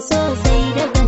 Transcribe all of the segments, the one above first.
琐碎的。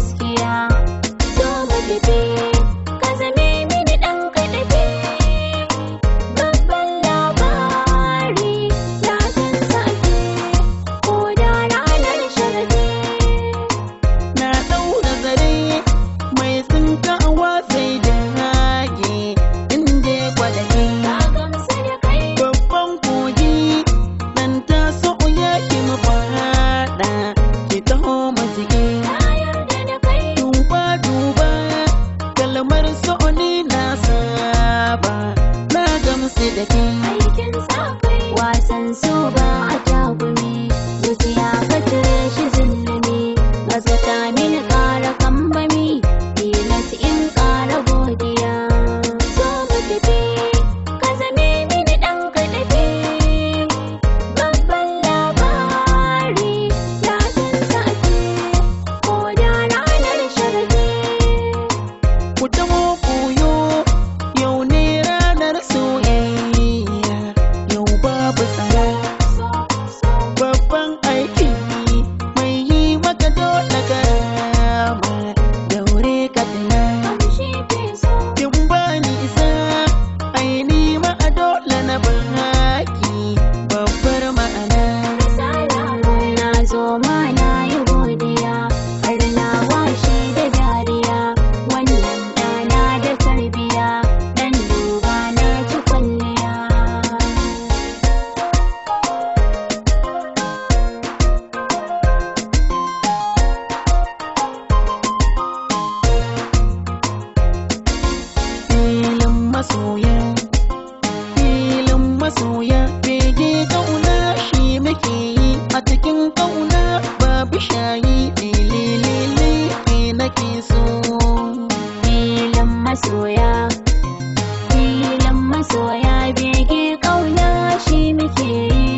masoya bege kauna shi muke yi a cikin kauna babu shayi lililili ke nake so filin masoya filin masoya bege kauna shi muke yi